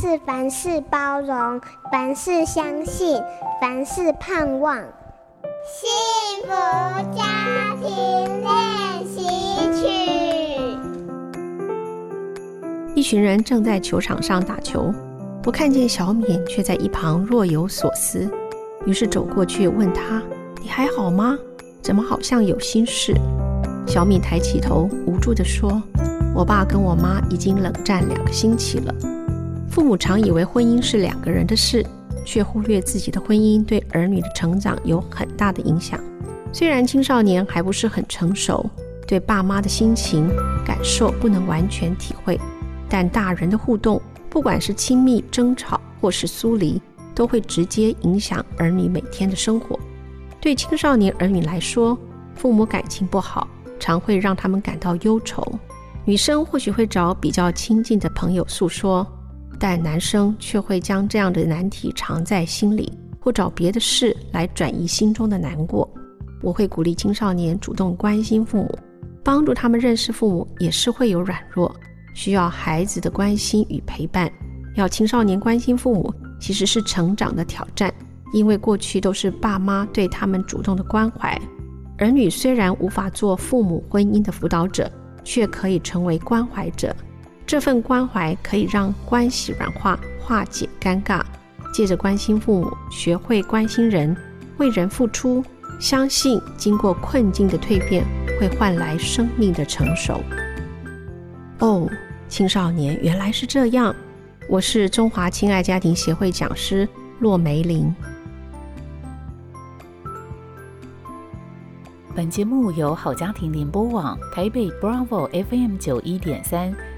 是凡事包容，凡事相信，凡事盼望。幸福家庭練習曲。一群人正在球場上打球，我看見小敏卻在一旁若有所思，於是走過去問她：“你還好嗎？怎麼好像有心事？”小敏抬起頭，無助地說：“我爸跟我媽已經冷戰兩個星期了。”父母常以為婚姻是兩個人的事，卻忽略自己的婚姻對兒女的成長有很大的影響。雖然青少年還不是很成熟，對爸媽的心情感受不能完全體會，但大人的互動，不管是親密爭吵或是疏離，都會直接影響兒女每天的生活。對青少年兒女來說，父母感情不好，常會讓他們感到憂愁。女生或許會找比較親近的朋友訴說。但男生卻會將這樣的難題藏在心裡，或找別的事來轉移心中的難過。我會鼓勵青少年主動關心父母，幫助他們認識父母也是會有軟弱，需要孩子的關心與陪伴。要青少年關心父母，其實是成長的挑戰，因為過去都是爸媽對他們主動的關懷。兒女雖然無法做父母婚姻的輔導者，卻可以成為關懷者。這份關懷可以讓關係軟化，化解尷尬。借着關心父母，學會關心人，為人付出。相信經過困境的蛻變，會換來生命的成熟。哦，青少年原來是這樣！我是中華親愛家庭協會講師駱玫玲。本節目由好家庭聯播網台北 Bravo FM 九一點三。